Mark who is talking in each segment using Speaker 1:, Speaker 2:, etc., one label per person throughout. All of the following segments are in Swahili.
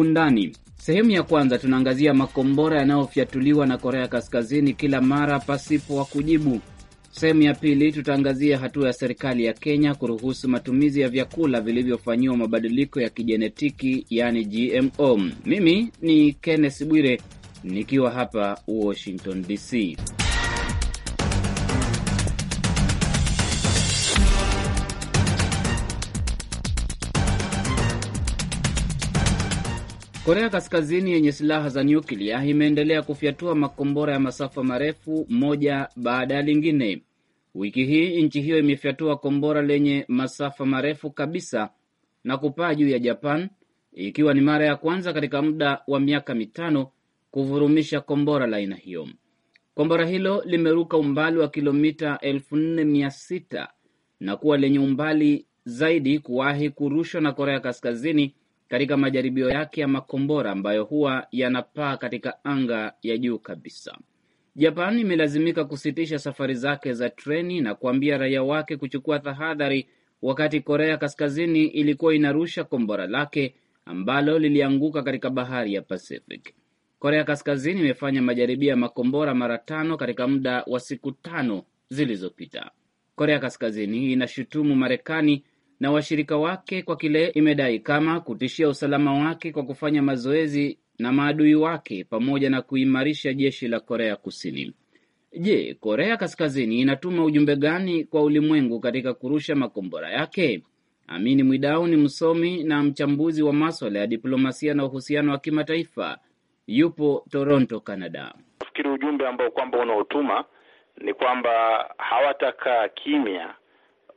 Speaker 1: undani. Sehemu ya kwanza tunaangazia makombora yanayofyatuliwa na Korea Kaskazini kila mara pasipo wa kujibu. Sehemu ya pili tutaangazia hatua ya serikali ya Kenya kuruhusu matumizi ya vyakula vilivyofanyiwa mabadiliko ya kijenetiki yaani GMO. Mimi ni Kenneth Bwire nikiwa hapa Washington DC. Korea Kaskazini yenye silaha za nyuklia imeendelea kufyatua makombora ya masafa marefu moja baada ya lingine. Wiki hii nchi hiyo imefyatua kombora lenye masafa marefu kabisa na kupaa juu ya Japan, ikiwa ni mara ya kwanza katika muda wa miaka mitano kuvurumisha kombora la aina hiyo. Kombora hilo limeruka umbali wa kilomita 4600 na kuwa lenye umbali zaidi kuwahi kurushwa na Korea Kaskazini katika majaribio yake ya makombora ambayo huwa yanapaa katika anga ya juu kabisa. Japan imelazimika kusitisha safari zake za treni na kuambia raia wake kuchukua tahadhari, wakati Korea Kaskazini ilikuwa inarusha kombora lake ambalo lilianguka katika bahari ya Pacific. Korea Kaskazini imefanya majaribio ya makombora mara tano katika muda wa siku tano zilizopita. Korea Kaskazini inashutumu Marekani na washirika wake kwa kile imedai kama kutishia usalama wake kwa kufanya mazoezi na maadui wake pamoja na kuimarisha jeshi la Korea Kusini. Je, Korea Kaskazini inatuma ujumbe gani kwa ulimwengu katika kurusha makombora yake? Amini Mwidau ni msomi na mchambuzi wa maswala ya diplomasia na uhusiano wa kimataifa, yupo Toronto, Canada.
Speaker 2: Nafikiri ujumbe ambao kwamba unaotuma ni kwamba hawatakaa kimya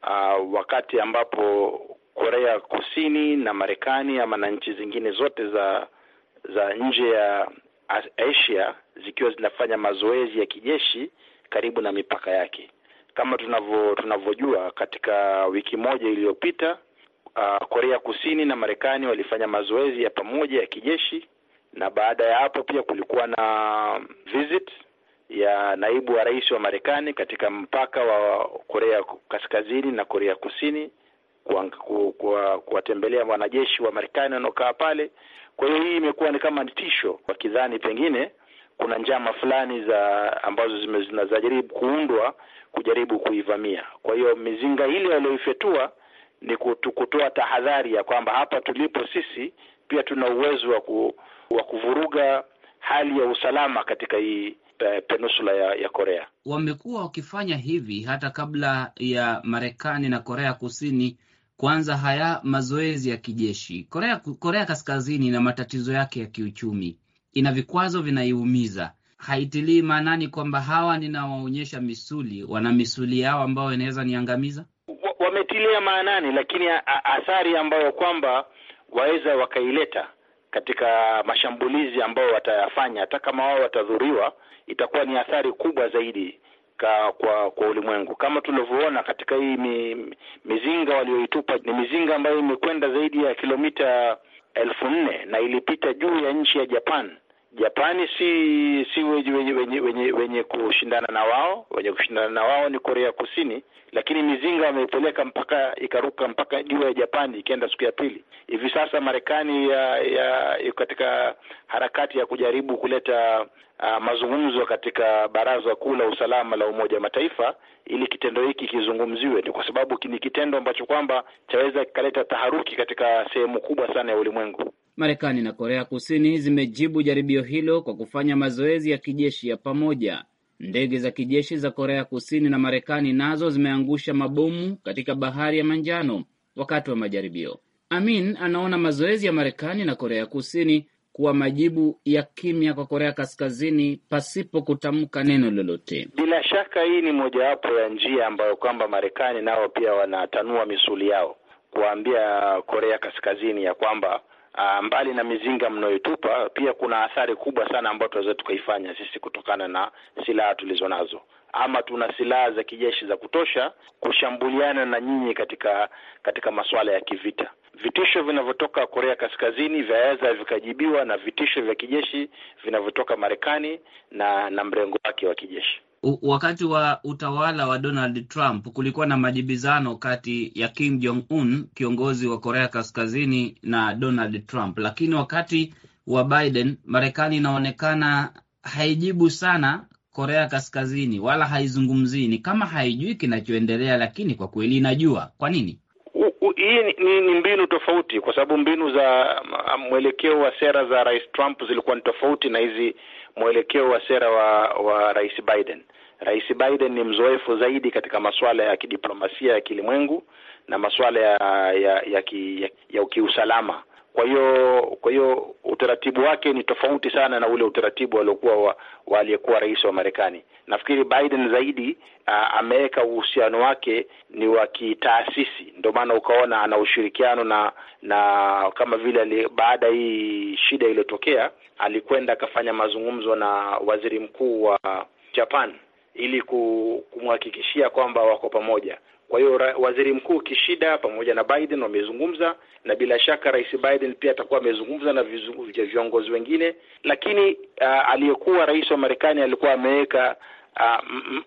Speaker 2: uh, wakati ambapo Korea Kusini na Marekani ama na nchi zingine zote za za nje ya Asia zikiwa zinafanya mazoezi ya kijeshi karibu na mipaka yake. Kama tunavyo tunavyojua, katika wiki moja iliyopita uh, Korea Kusini na Marekani walifanya mazoezi ya pamoja ya kijeshi, na baada ya hapo pia kulikuwa na visit ya naibu wa rais wa Marekani katika mpaka wa Korea Kaskazini na Korea Kusini kuwatembelea wanajeshi wa Marekani wanaokaa pale. Kwa hiyo hii imekuwa ni kama tisho, wakidhani pengine kuna njama fulani za ambazo zinajaribu kuundwa kujaribu kuivamia. Kwa hiyo mizinga ile walioifetua ni kutoa tahadhari ya kwamba hapa tulipo sisi pia tuna uwezo wa ku, wa kuvuruga hali ya usalama katika hii Eh, peninsula ya, ya Korea.
Speaker 1: Wamekuwa wakifanya hivi hata kabla ya Marekani na Korea Kusini kuanza haya mazoezi ya kijeshi. Korea, Korea Kaskazini ina matatizo yake ya kiuchumi, ina vikwazo vinaiumiza haitilii maanani kwamba hawa ninawaonyesha misuli wana misuli yao ambao inaweza niangamiza.
Speaker 2: Wametilia maanani, lakini athari ambayo kwamba waweza wakaileta katika mashambulizi ambayo watayafanya, hata kama wao watadhuriwa, itakuwa ni athari kubwa zaidi ka, kwa kwa ulimwengu. Kama tulivyoona katika hii mi, mizinga walioitupa ni mizinga ambayo imekwenda zaidi ya kilomita elfu nne na ilipita juu ya nchi ya Japan Japani si si wenye, wenye, wenye, wenye kushindana na wao. Wenye kushindana na wao ni Korea Kusini, lakini mizinga wameipeleka mpaka ikaruka mpaka juu ya Japani ikienda siku ya pili. Hivi sasa Marekani ya, ya katika harakati ya kujaribu kuleta uh, mazungumzo katika Baraza Kuu la Usalama la Umoja wa Mataifa ili kitendo hiki kizungumziwe, ni kwa sababu ni kitendo ambacho kwamba chaweza kikaleta taharuki katika sehemu kubwa sana ya ulimwengu.
Speaker 1: Marekani na Korea Kusini zimejibu jaribio hilo kwa kufanya mazoezi ya kijeshi ya pamoja. Ndege za kijeshi za Korea Kusini na Marekani nazo zimeangusha mabomu katika bahari ya Manjano wakati wa majaribio. Amin anaona mazoezi ya Marekani na Korea Kusini kuwa majibu ya kimya kwa Korea Kaskazini pasipo kutamka neno lolote.
Speaker 2: Bila shaka hii ni mojawapo ya njia ambayo kwamba Marekani nao pia wanatanua misuli yao kuwaambia Korea Kaskazini ya kwamba Uh, mbali na mizinga mnayotupa, pia kuna athari kubwa sana ambayo tunaweza tukaifanya sisi kutokana na silaha tulizo nazo. Ama tuna silaha za kijeshi za kutosha kushambuliana na nyinyi katika katika masuala ya kivita. Vitisho vinavyotoka Korea Kaskazini vyaweza vikajibiwa na vitisho vya kijeshi vinavyotoka Marekani na na mrengo wake wa kijeshi.
Speaker 1: Wakati wa utawala wa Donald Trump kulikuwa na majibizano kati ya Kim Jong Un, kiongozi wa Korea Kaskazini, na Donald Trump, lakini wakati wa Biden, Marekani inaonekana haijibu sana Korea Kaskazini wala haizungumzii, ni kama haijui kinachoendelea, lakini kwa kweli inajua. Kwa nini? Hii ni, ni,
Speaker 2: ni mbinu tofauti, kwa sababu mbinu za mwelekeo wa sera za Rais Trump zilikuwa ni tofauti na hizi mwelekeo wa sera wa, wa Rais Biden. Rais Biden ni mzoefu zaidi katika masuala ya kidiplomasia ya kilimwengu na masuala ya ya ya, ki, ya, ya kiusalama. Kwa hiyo kwa hiyo utaratibu wake ni tofauti sana na ule utaratibu aliokuwa wa aliyekuwa rais wa Marekani. Nafikiri Biden zaidi ameweka uhusiano wake ni wa kitaasisi, ndio maana ukaona ana ushirikiano na na kama vile baada hii shida iliyotokea, alikwenda akafanya mazungumzo na waziri mkuu wa Japan ili kumhakikishia kwamba wako pamoja. Kwa hiyo waziri mkuu Kishida pamoja na Biden wamezungumza, na bila shaka rais Biden pia atakuwa amezungumza na viongozi wengine, lakini uh, aliyekuwa rais wa Marekani alikuwa ameweka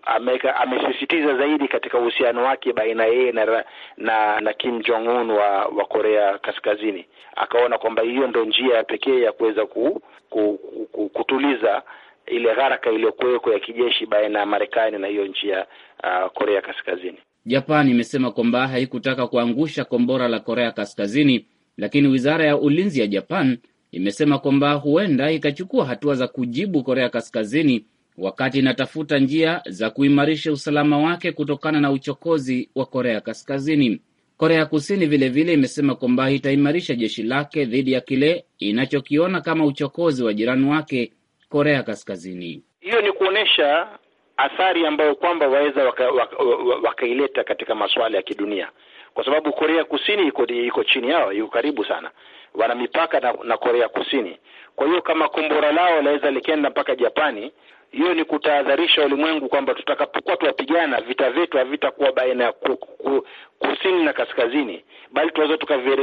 Speaker 2: ameweka amesisitiza zaidi katika uhusiano wake baina yeye na, na na Kim Jong Un wa wa Korea Kaskazini. Akaona kwamba hiyo ndio njia pekee ya kuweza ku, ku, ku, kutuliza ile gharaka iliyokuweko ya kijeshi baina ya Marekani na hiyo nchi ya
Speaker 1: uh, Korea Kaskazini. Japan imesema kwamba haikutaka kuangusha kombora la Korea Kaskazini, lakini wizara ya ulinzi ya Japan imesema kwamba huenda ikachukua hatua za kujibu Korea Kaskazini wakati inatafuta njia za kuimarisha usalama wake kutokana na uchokozi wa Korea Kaskazini. Korea Kusini vilevile vile imesema kwamba itaimarisha jeshi lake dhidi ya kile inachokiona kama uchokozi wa jirani wake Korea Kaskazini.
Speaker 2: Hiyo ni kuonyesha athari ambayo kwamba waweza wakaileta waka, waka katika masuala ya kidunia, kwa sababu Korea Kusini iko iko chini yao, iko karibu sana, wana mipaka na, na Korea Kusini. Kwa hiyo kama kombora lao laweza likaenda mpaka Japani, hiyo ni kutahadharisha ulimwengu kwamba tutakapokuwa tuwapigana vita vyetu havitakuwa baina ya ku, ku, kusini na kaskazini, bali tunaweza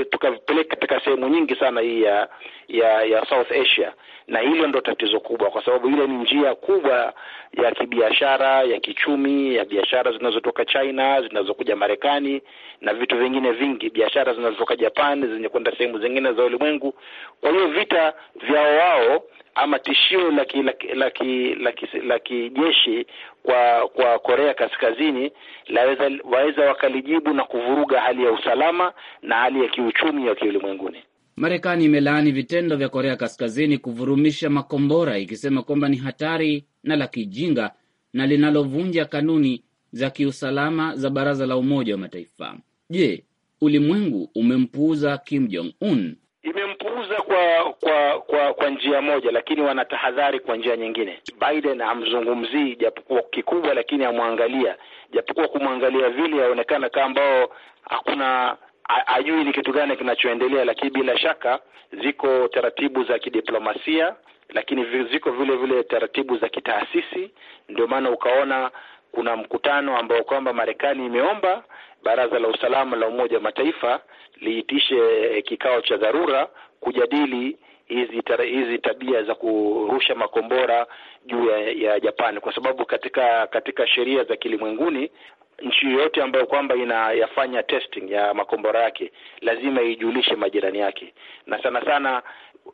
Speaker 2: tukavipeleka katika sehemu nyingi sana hii ya ya ya South Asia, na hilo ndo tatizo kubwa, kwa sababu ile ni njia kubwa ya kibiashara, ya kichumi, ya biashara zinazotoka China zinazokuja Marekani na vitu vingine vingi, biashara zinazotoka Japan zenye kwenda sehemu zingine za ulimwengu. Kwa hiyo vita vyao wao ama tishio la kijeshi kwa kwa Korea Kaskazini laweza waweza wakalijibu na kuvuruga hali ya usalama na hali ya kiuchumi ya kiulimwenguni.
Speaker 1: Marekani imelaani vitendo vya Korea Kaskazini kuvurumisha makombora ikisema kwamba ni hatari na la kijinga na linalovunja kanuni za kiusalama za Baraza la Umoja wa Mataifa. Je, ulimwengu umempuuza Kim Jong Un
Speaker 2: wanazungumza kwa kwa kwa kwa njia moja, lakini wanatahadhari kwa njia nyingine. Biden hamzungumzii japokuwa kikubwa, lakini amwangalia, japokuwa kumwangalia vile yaonekana kama ambao hakuna ajui ni kitu gani kinachoendelea, lakini bila shaka ziko taratibu za kidiplomasia, lakini ziko vile vile taratibu za kitaasisi. Ndio maana ukaona kuna mkutano ambao kwamba Marekani imeomba Baraza la Usalama la Umoja wa Mataifa liitishe eh, kikao cha dharura kujadili hizi hizi tabia za kurusha makombora juu ya, ya Japan kwa sababu katika katika sheria za kilimwenguni nchi yoyote ambayo kwamba inayafanya testing ya makombora yake lazima ijulishe majirani yake, na sana sana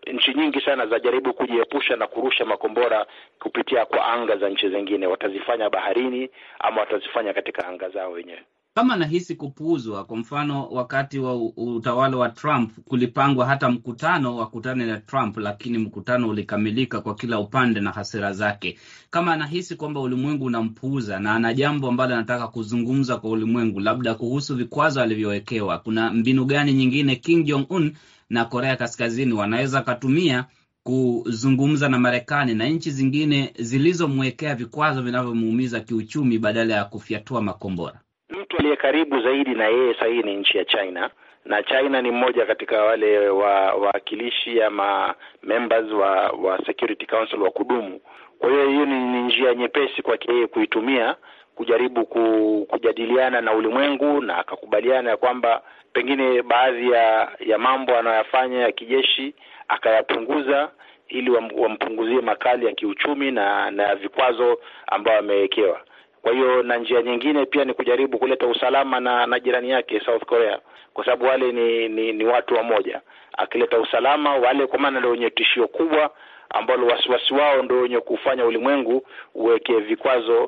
Speaker 2: nchi nyingi sana zajaribu kujiepusha na kurusha makombora kupitia kwa anga za nchi zingine. Watazifanya baharini ama watazifanya katika anga zao wenyewe
Speaker 1: kama nahisi kupuuzwa. Kwa mfano, wakati wa utawala wa Trump kulipangwa hata mkutano wakutane na Trump, lakini mkutano ulikamilika kwa kila upande na hasira zake. Kama anahisi kwamba ulimwengu unampuuza na ana jambo ambalo anataka kuzungumza kwa ulimwengu, labda kuhusu vikwazo alivyowekewa, kuna mbinu gani nyingine Kim Jong Un na Korea Kaskazini wanaweza katumia kuzungumza na Marekani na nchi zingine zilizomwekea vikwazo vinavyomuumiza kiuchumi badala ya kufyatua makombora?
Speaker 2: mtu aliye karibu zaidi na yeye hii ni nchi ya China na China ni mmoja katika wale wawakilishi ama members wa wa Security Council wa kudumu. Kwa hiyo hiyo ni, ni njia nyepesi kwake yeye kuitumia kujaribu ku, kujadiliana na ulimwengu na akakubaliana ya kwamba pengine baadhi ya ya mambo anayoyafanya ya kijeshi akayapunguza ili wampunguzie makali ya kiuchumi na na vikwazo ambayo amewekewa. Kwa hiyo na njia nyingine pia ni kujaribu kuleta usalama na na jirani yake South Korea, kwa sababu wale ni, ni ni watu wamoja. Akileta usalama wale, kwa maana ndio wenye tishio kubwa ambalo wasiwasi wao ndio wenye kufanya ulimwengu uweke vikwazo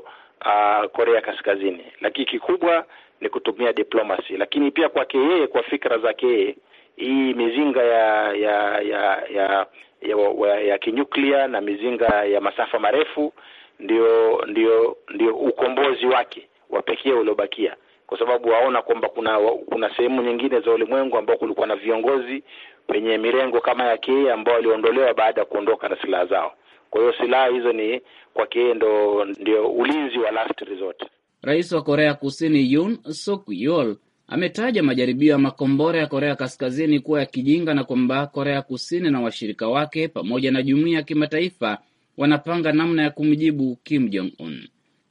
Speaker 2: uh, Korea Kaskazini. Lakini kikubwa ni kutumia diplomasi, lakini pia kwake yeye, kwa fikra zake yeye, hii mizinga ya ya ya ya ya, ya, ya kinyuklia na mizinga ya masafa marefu ndio ndio ndio ukombozi wake wa pekee uliobakia kwa sababu waona kwamba kuna kuna sehemu nyingine za ulimwengu ambao kulikuwa na viongozi wenye mirengo kama yake ambao waliondolewa baada ya kuondoka na silaha zao kwa hiyo silaha hizo ni kwake yeye ndo ndio ulinzi wa last resort
Speaker 1: rais wa korea kusini yun suk yeol ametaja majaribio ya makombora ya korea kaskazini kuwa ya kijinga na kwamba korea kusini na washirika wake pamoja na jumuiya ya kimataifa wanapanga namna ya kumjibu Kim Jong Un.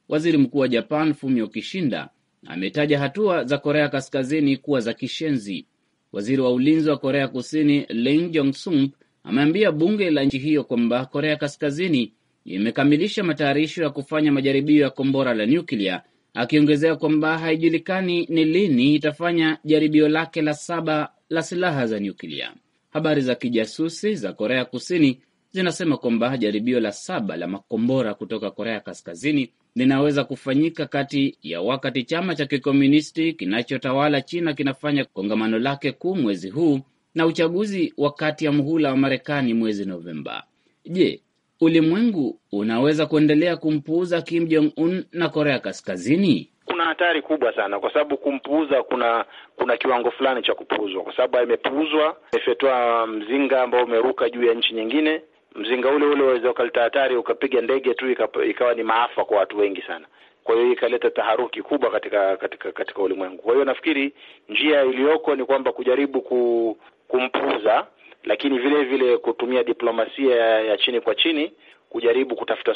Speaker 1: Waziri Mkuu wa Japan Fumio Kishida ametaja hatua za Korea Kaskazini kuwa za kishenzi. Waziri wa ulinzi wa Korea Kusini Ling Jong Sump ameambia bunge la nchi hiyo kwamba Korea Kaskazini imekamilisha matayarisho ya kufanya majaribio ya kombora la nyuklia, akiongezea kwamba haijulikani ni lini itafanya jaribio lake la saba la silaha za nyuklia. Habari za kijasusi za Korea Kusini zinasema kwamba jaribio la saba la makombora kutoka Korea Kaskazini linaweza kufanyika kati ya wakati chama cha kikomunisti kinachotawala China kinafanya kongamano lake kuu mwezi huu na uchaguzi wa kati ya mhula wa Marekani mwezi Novemba. Je, ulimwengu unaweza kuendelea kumpuuza Kim Jong Un na Korea Kaskazini?
Speaker 2: Kuna hatari kubwa sana, kwa sababu kumpuuza, kuna kuna kiwango fulani cha kupuuzwa, kwa sababu imepuuzwa, imefyatwa mzinga ambao umeruka juu ya nchi nyingine mzinga ule ule waweza ukaleta hatari ukapiga ndege tu ikawa ni maafa kwa watu wengi sana. Kwa hiyo ikaleta taharuki kubwa katika katika katika ulimwengu. Kwa hiyo nafikiri njia iliyoko ni kwamba kujaribu ku, kumpuza, lakini vile vile kutumia diplomasia ya chini kwa chini kujaribu kutafuta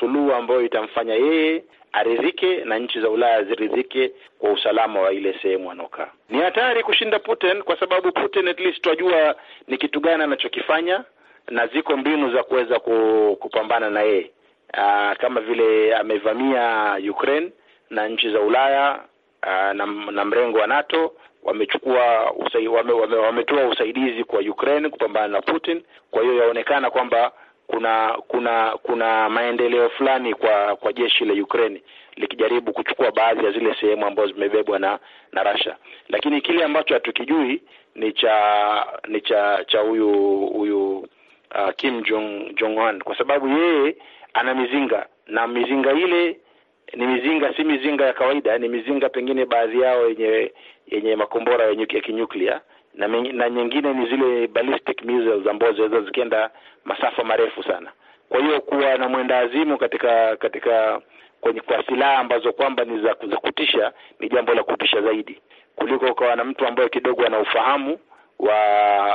Speaker 2: suluhu ambayo itamfanya yeye aridhike na nchi za Ulaya ziridhike kwa usalama wa ile sehemu anaokaa. Ni hatari kushinda Putin, kwa sababu Putin at least twajua ni kitu gani anachokifanya na ziko mbinu za kuweza kupambana na yeye, ah, kama vile amevamia Ukraine na nchi za Ulaya ah, na, na mrengo wa NATO wamechukua usai, wame, wame, wametoa usaidizi kwa Ukraine kupambana na Putin. Kwa hiyo yaonekana kwamba kuna kuna kuna maendeleo fulani kwa kwa jeshi la Ukraine likijaribu kuchukua baadhi ya zile sehemu ambazo zimebebwa na na Russia, lakini kile ambacho hatukijui ni cha ni cha cha huyu huyu uh, Kim Jong Jong Un kwa sababu yeye ana mizinga na mizinga ile ni mizinga si mizinga ya kawaida, ni mizinga pengine baadhi yao yenye yenye makombora ya kinyuklia na, na nyingine ni zile ballistic missiles ambazo zinaweza zikienda masafa marefu sana. Kwa hiyo kuwa na mwenda azimu katika katika kwenye kwa silaha ambazo kwamba ni za kutisha ni jambo la kutisha zaidi kuliko ukawa na mtu ambaye kidogo ana ufahamu wa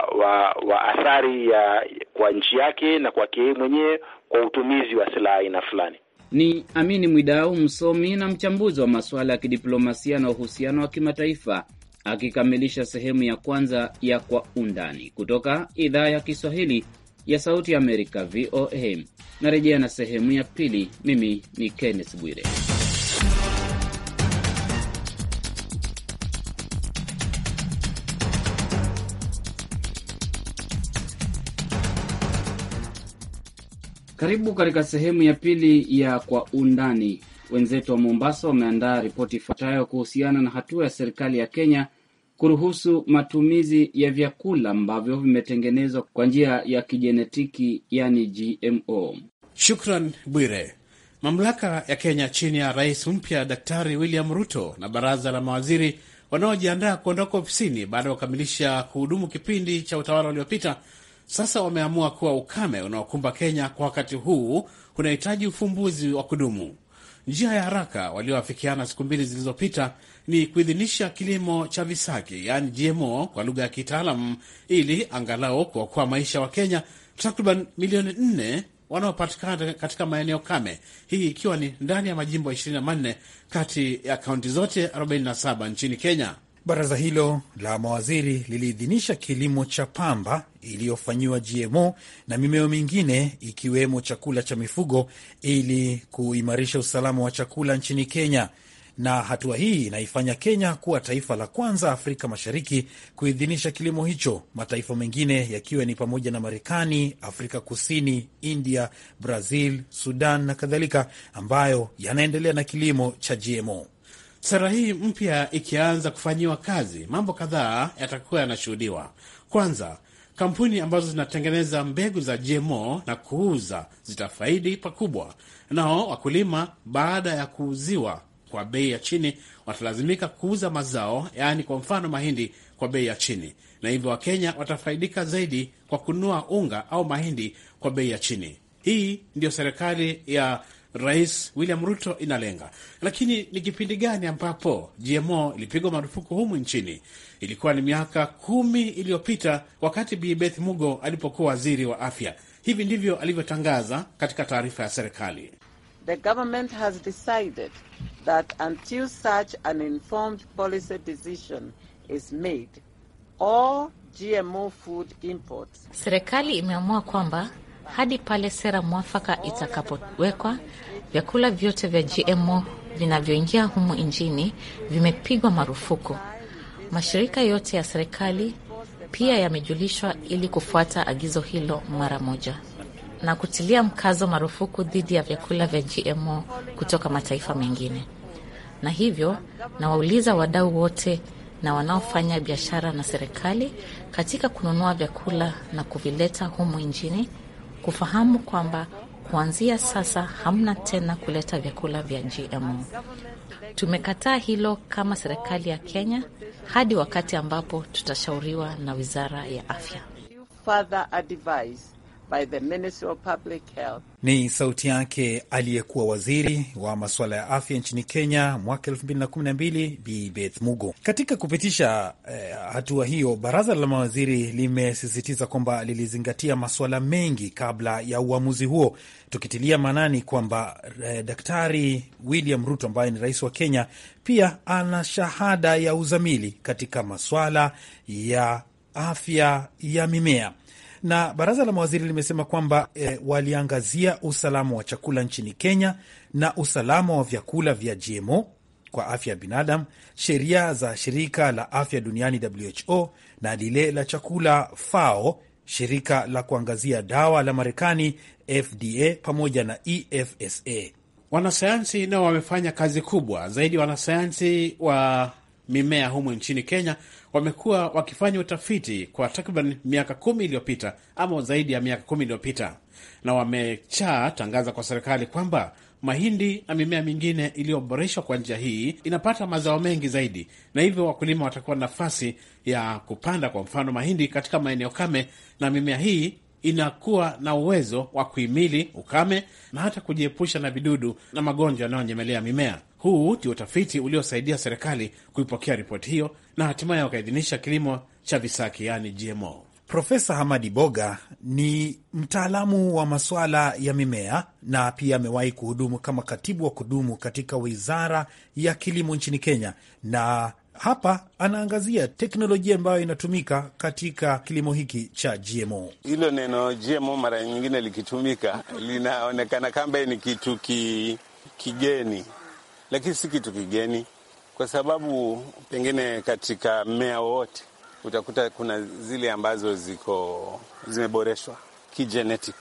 Speaker 2: wa, wa athari ya kwa nchi yake na kwake yeye mwenyewe kwa utumizi wa silaha aina fulani.
Speaker 1: Ni Amini Mwidau, msomi na mchambuzi wa masuala ya kidiplomasia na uhusiano wa kimataifa, akikamilisha sehemu ya kwanza ya Kwa Undani kutoka idhaa ya Kiswahili ya Sauti ya Amerika, VOA. Narejea na sehemu ya pili. Mimi ni Kenneth Bwire. Karibu katika sehemu ya pili ya Kwa Undani. Wenzetu wa Mombasa wameandaa ripoti ifuatayo kuhusiana na hatua ya serikali ya Kenya kuruhusu matumizi ya vyakula ambavyo vimetengenezwa kwa njia ya kijenetiki, yani GMO. Shukran
Speaker 3: Bwire. Mamlaka ya Kenya chini ya rais mpya Daktari William Ruto na baraza la mawaziri wanaojiandaa kuondoka ofisini baada ya kukamilisha kuhudumu kipindi cha utawala uliopita sasa wameamua kuwa ukame unaokumba Kenya kwa wakati huu unahitaji ufumbuzi wa kudumu. Njia ya haraka walioafikiana siku mbili zilizopita ni kuidhinisha kilimo cha visaki, yaani GMO kwa lugha ya kitaalamu, ili angalau kuokoa maisha wa Kenya takriban milioni nne wanaopatikana katika maeneo kame, hii ikiwa ni ndani ya majimbo 24 kati ya kaunti zote 47 nchini Kenya.
Speaker 4: Baraza hilo la mawaziri liliidhinisha kilimo cha pamba iliyofanyiwa GMO na mimea mingine ikiwemo chakula cha mifugo ili kuimarisha usalama wa chakula nchini Kenya. Na hatua hii inaifanya Kenya kuwa taifa la kwanza Afrika Mashariki kuidhinisha kilimo hicho, mataifa mengine yakiwa ni pamoja na Marekani, Afrika Kusini, India, Brazil, Sudan na kadhalika, ambayo yanaendelea na kilimo cha GMO.
Speaker 3: Sera hii mpya ikianza kufanyiwa kazi, mambo kadhaa yatakuwa yanashuhudiwa. Kwanza, kampuni ambazo zinatengeneza mbegu za GMO na kuuza zitafaidi pakubwa. Nao wakulima, baada ya kuuziwa kwa bei ya chini, watalazimika kuuza mazao, yaani kwa mfano mahindi, kwa bei ya chini, na hivyo Wakenya watafaidika zaidi kwa kununua unga au mahindi kwa bei ya chini. Hii ndiyo serikali ya Rais William Ruto inalenga. Lakini ni kipindi gani ambapo GMO ilipigwa marufuku humu nchini? Ilikuwa ni miaka kumi iliyopita wakati Bi Beth Mugo alipokuwa waziri wa afya. Hivi ndivyo alivyotangaza katika taarifa ya serikali.
Speaker 1: The government has decided that until such an informed policy decision is made, all
Speaker 5: GMO food imports.
Speaker 1: Serikali imeamua kwamba hadi pale sera mwafaka itakapowekwa. Vyakula vyote vya GMO vinavyoingia humu nchini vimepigwa marufuku. Mashirika yote ya serikali pia yamejulishwa ili kufuata agizo hilo mara moja na kutilia mkazo marufuku dhidi ya vyakula vya GMO kutoka mataifa mengine. Na hivyo nawauliza wadau wote na wanaofanya biashara na serikali katika kununua vyakula na kuvileta humu nchini kufahamu kwamba kuanzia sasa hamna tena kuleta vyakula vya GMO. Tumekataa hilo kama serikali ya Kenya hadi wakati ambapo tutashauriwa na Wizara ya Afya. Further advice by the of Public Health.
Speaker 4: Ni sauti yake aliyekuwa waziri wa masuala ya afya nchini Kenya mwaka 2012 Bi Beth Mugo. Katika kupitisha eh, hatua hiyo, baraza la mawaziri limesisitiza kwamba lilizingatia masuala mengi kabla ya uamuzi huo, tukitilia maanani kwamba eh, Daktari William Ruto ambaye ni rais wa Kenya pia ana shahada ya uzamili katika masuala ya afya ya mimea. Na baraza la mawaziri limesema kwamba e, waliangazia usalama wa chakula nchini Kenya na usalama wa vyakula vya GMO kwa afya ya binadamu, sheria za shirika la afya duniani WHO na lile la chakula FAO, shirika la kuangazia dawa la Marekani FDA
Speaker 3: pamoja na EFSA. Wanasayansi nao wamefanya kazi kubwa zaidi. Wanasayansi wa mimea humu nchini Kenya wamekuwa wakifanya utafiti kwa takriban miaka kumi iliyopita ama zaidi ya miaka kumi iliyopita, na wamechaa tangaza kwa serikali kwamba mahindi na mimea mingine iliyoboreshwa kwa njia hii inapata mazao mengi zaidi, na hivyo wakulima watakuwa na nafasi ya kupanda kwa mfano mahindi katika maeneo kame, na mimea hii inakuwa na uwezo wa kuhimili ukame na hata kujiepusha na vidudu na magonjwa yanayonyemelea mimea. Huu ndio utafiti uliosaidia serikali kuipokea ripoti hiyo na hatimaye wakaidhinisha kilimo cha visaki, yaani GMO.
Speaker 4: Profesa Hamadi Boga ni mtaalamu wa masuala ya mimea na pia amewahi kuhudumu kama katibu wa kudumu katika wizara ya kilimo nchini Kenya, na hapa anaangazia teknolojia ambayo inatumika katika kilimo hiki cha GMO.
Speaker 6: Hilo neno GMO mara nyingine likitumika linaonekana kama ni kitu ki, kigeni lakini si kitu kigeni, kwa sababu pengine katika mmea wowote utakuta kuna zile ambazo ziko zimeboreshwa kigenetic,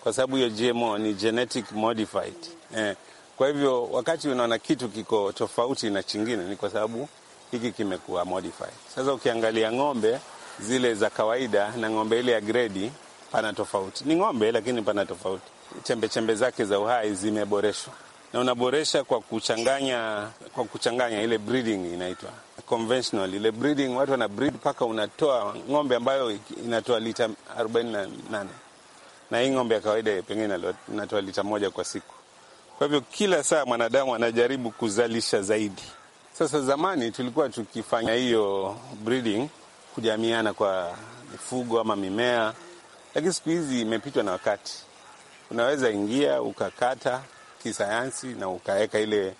Speaker 6: kwa sababu hiyo GMO ni genetic modified eh. Kwa hivyo wakati unaona kitu kiko tofauti na chingine ni kwa sababu hiki kimekuwa modified. Sasa ukiangalia ng'ombe zile za kawaida na ng'ombe ile ya gredi, pana tofauti. Ni ng'ombe lakini pana tofauti, chembechembe zake za uhai zimeboreshwa na unaboresha kwa kuchanganya, kwa kuchanganya ile breeding inaitwa conventional ile breeding, watu wana breed paka, unatoa ng'ombe ambayo inatoa lita 48 na hii ng'ombe ya kawaida pengine inatoa lita moja kwa siku. Kwa hivyo kila saa mwanadamu anajaribu kuzalisha zaidi. Sasa zamani tulikuwa tukifanya hiyo breeding kujamiana kwa mifugo ama mimea, lakini siku hizi imepitwa na wakati. Unaweza ingia ukakata kisayansi na ukaweka ile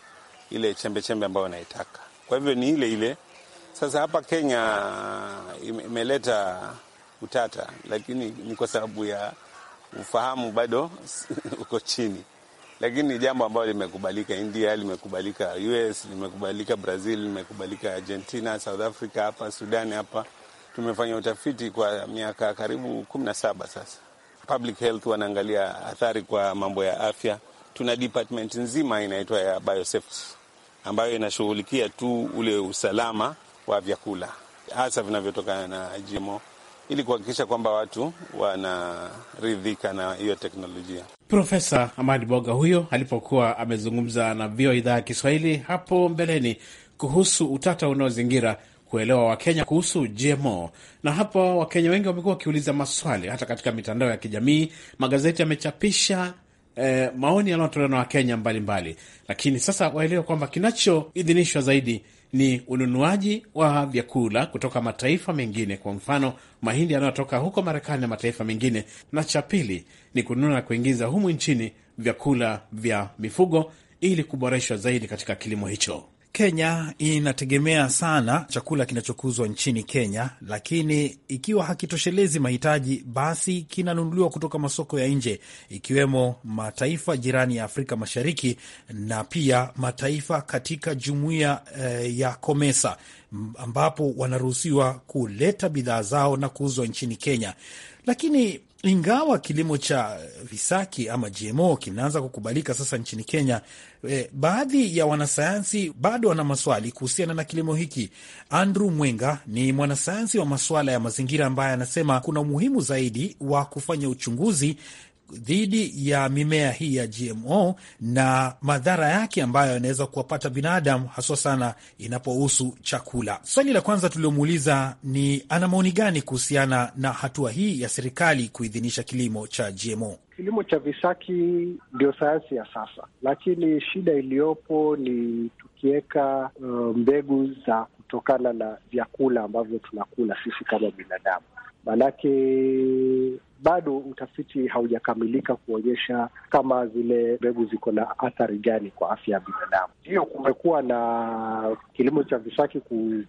Speaker 6: ile chembe chembe ambayo unaitaka. Kwa hivyo ni ile ile. Sasa hapa Kenya imeleta utata, lakini ni kwa sababu ya ufahamu bado uko chini, lakini ni jambo ambalo limekubalika India, limekubalika US, limekubalika Brazil, limekubalika Argentina, South Africa, hapa Sudan. Hapa tumefanya utafiti kwa miaka karibu kumi na saba sasa. Public health wanaangalia athari kwa mambo ya afya tuna department nzima inaitwa ya biosafety ambayo inashughulikia tu ule usalama wa vyakula hasa vinavyotokana na GMO ili kuhakikisha kwamba watu wanaridhika na hiyo teknolojia.
Speaker 3: Profesa Amadi Boga huyo alipokuwa amezungumza na VOA idhaa ya Kiswahili hapo mbeleni kuhusu utata unaozingira kuelewa Wakenya kuhusu GMO. Na hapo Wakenya wengi wamekuwa wakiuliza maswali, hata katika mitandao ya kijamii magazeti yamechapisha eh, maoni yanayotolewa na Wakenya mbalimbali, lakini sasa waelewe kwamba kinachoidhinishwa zaidi ni ununuaji wa vyakula kutoka mataifa mengine, kwa mfano mahindi yanayotoka huko Marekani na mataifa mengine, na cha pili ni kununua na kuingiza humu nchini vyakula vya mifugo ili kuboreshwa zaidi katika kilimo hicho.
Speaker 4: Kenya inategemea sana chakula kinachokuzwa nchini Kenya, lakini ikiwa hakitoshelezi mahitaji, basi kinanunuliwa kutoka masoko ya nje, ikiwemo mataifa jirani ya Afrika Mashariki na pia mataifa katika jumuiya eh, ya Komesa, ambapo wanaruhusiwa kuleta bidhaa zao na kuuzwa nchini Kenya, lakini ingawa kilimo cha visaki ama GMO kinaanza kukubalika sasa nchini Kenya, e, baadhi ya wanasayansi bado wana maswali kuhusiana na kilimo hiki. Andrew Mwenga ni mwanasayansi wa masuala ya mazingira ambaye anasema kuna umuhimu zaidi wa kufanya uchunguzi dhidi ya mimea hii ya GMO na madhara yake ambayo yanaweza kuwapata binadamu haswa sana inapohusu chakula. Swali la kwanza tuliomuuliza ni ana maoni gani kuhusiana na hatua hii ya serikali kuidhinisha kilimo cha GMO.
Speaker 7: Kilimo cha visaki ndio sayansi ya sasa, lakini shida iliyopo ni tukiweka uh, mbegu za kutokana na vyakula ambavyo tunakula sisi kama binadamu, maanake bado utafiti haujakamilika kuonyesha kama zile mbegu ziko na athari gani kwa afya ya binadamu.
Speaker 5: Ndiyo, kumekuwa
Speaker 7: na kilimo cha visaki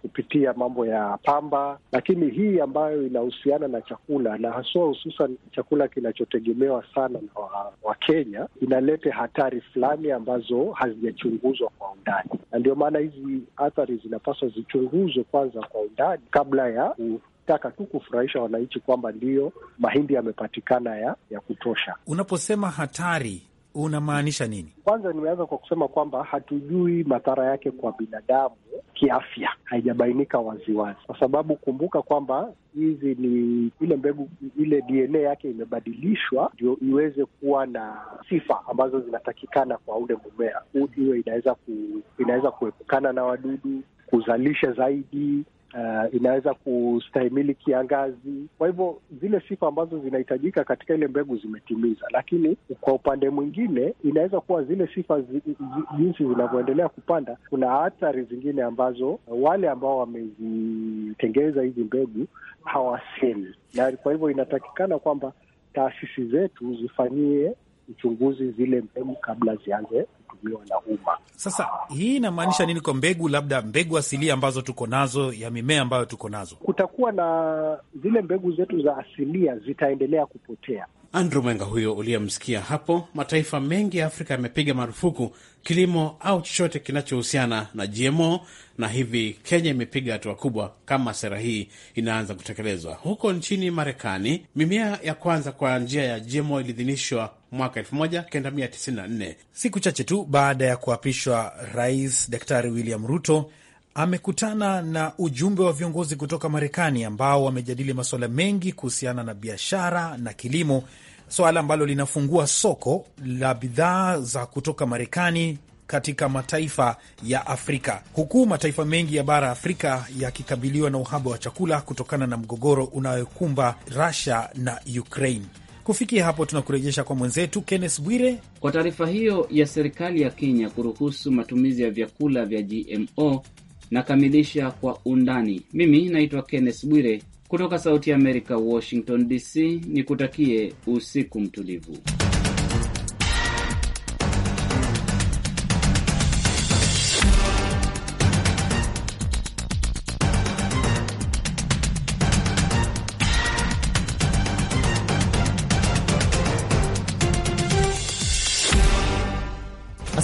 Speaker 7: kupitia mambo ya pamba, lakini hii ambayo inahusiana na chakula na haswa hususan chakula kinachotegemewa sana na Wakenya wa inaleta hatari fulani ambazo hazijachunguzwa kwa undani, na ndio maana hizi athari zinapaswa zichunguzwe kwanza kwa undani kabla ya taka tu kufurahisha wananchi kwamba ndiyo mahindi yamepatikana ya, ya kutosha. Unaposema hatari unamaanisha nini? Kwanza nimeanza kwa kusema kwamba hatujui madhara yake kwa binadamu kiafya, haijabainika waziwazi, kwa sababu kumbuka kwamba hizi ni ile mbegu, ile DNA yake imebadilishwa ndio iweze kuwa na sifa ambazo zinatakikana kwa ule mumea, hiyo inaweza ku, inaweza kuepukana na wadudu, kuzalisha zaidi uh, inaweza kustahimili kiangazi. Kwa hivyo zile sifa ambazo zinahitajika katika ile mbegu zimetimiza, lakini kwa upande mwingine inaweza kuwa zile sifa zi, zi, jinsi zinavyoendelea kupanda, kuna athari zingine ambazo wale ambao wamezitengeza hizi mbegu hawasemi, na kwa hivyo inatakikana kwamba taasisi zetu zifanyie uchunguzi zile mbegu kabla zianze kutumiwa na umma. Sasa
Speaker 4: hii inamaanisha nini kwa mbegu, labda mbegu asilia ambazo tuko nazo, ya mimea ambayo tuko nazo?
Speaker 7: Kutakuwa na zile mbegu zetu za asilia zitaendelea kupotea.
Speaker 3: Andrew Mwenga huyo uliyemsikia hapo. Mataifa mengi ya Afrika yamepiga marufuku kilimo au chochote kinachohusiana na GMO, na hivi Kenya imepiga hatua kubwa kama sera hii inaanza kutekelezwa. Huko nchini Marekani, mimea ya kwanza kwa njia ya GMO iliidhinishwa mwaka 1994.
Speaker 4: Siku chache tu baada ya kuapishwa, Rais Daktari William Ruto amekutana na ujumbe wa viongozi kutoka Marekani ambao wamejadili masuala mengi kuhusiana na biashara na kilimo, swala ambalo linafungua soko la bidhaa za kutoka Marekani katika mataifa ya Afrika, huku mataifa mengi ya bara Afrika yakikabiliwa na uhaba wa chakula kutokana na mgogoro unayokumba Russia na Ukraine. Kufikia hapo, tunakurejesha kwa mwenzetu Kenneth
Speaker 1: Bwire kwa taarifa hiyo ya serikali ya Kenya kuruhusu matumizi ya vyakula vya GMO. Nakamilisha kwa undani. Mimi naitwa Kenneth Bwire kutoka Sauti ya Amerika, Washington DC. Nikutakie usiku mtulivu.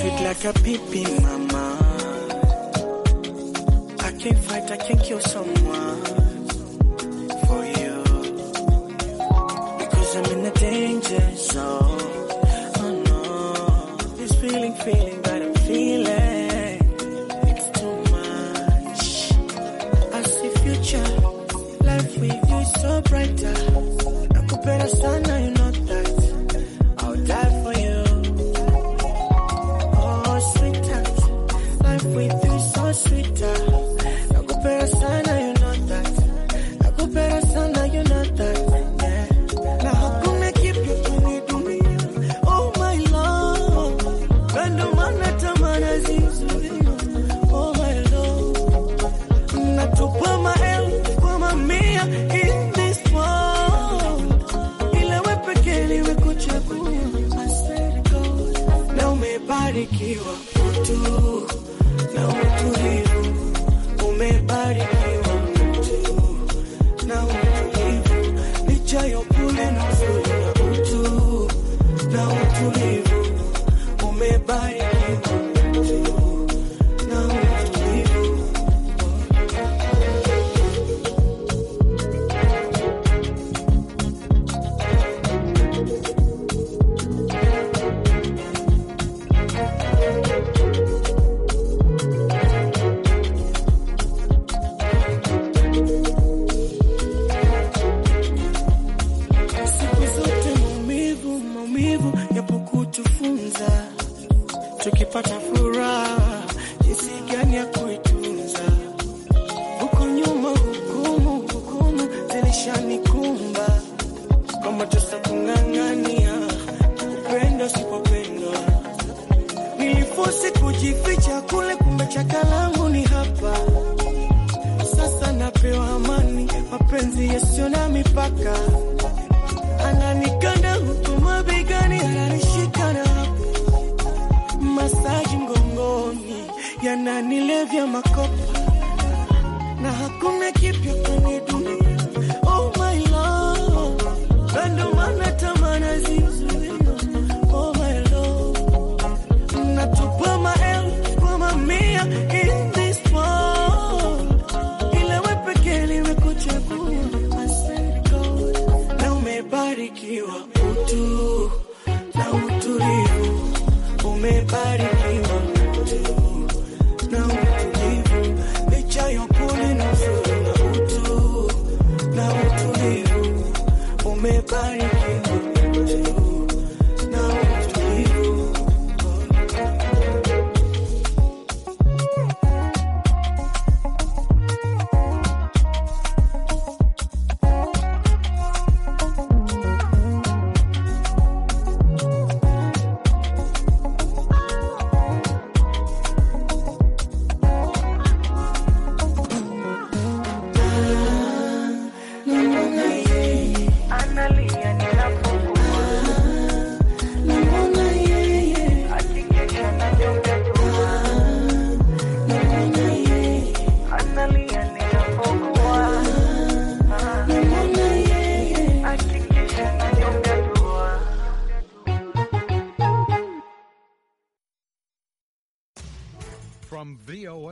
Speaker 5: sweet like a pipi mama. I can't fight, I can't kill someone. umebarikiwa mtu kung'ang'ania kupenda usipopendwa, nilifosi kujificha kule, kumbe chaka langu ni hapa sasa. Napewa amani, mapenzi yasiyo na mipaka, ananikanda huku mabegani, ananishikana hapo, masaji mgongoni yananilevya makopa, na hakuna kipya kwenye dunia party people.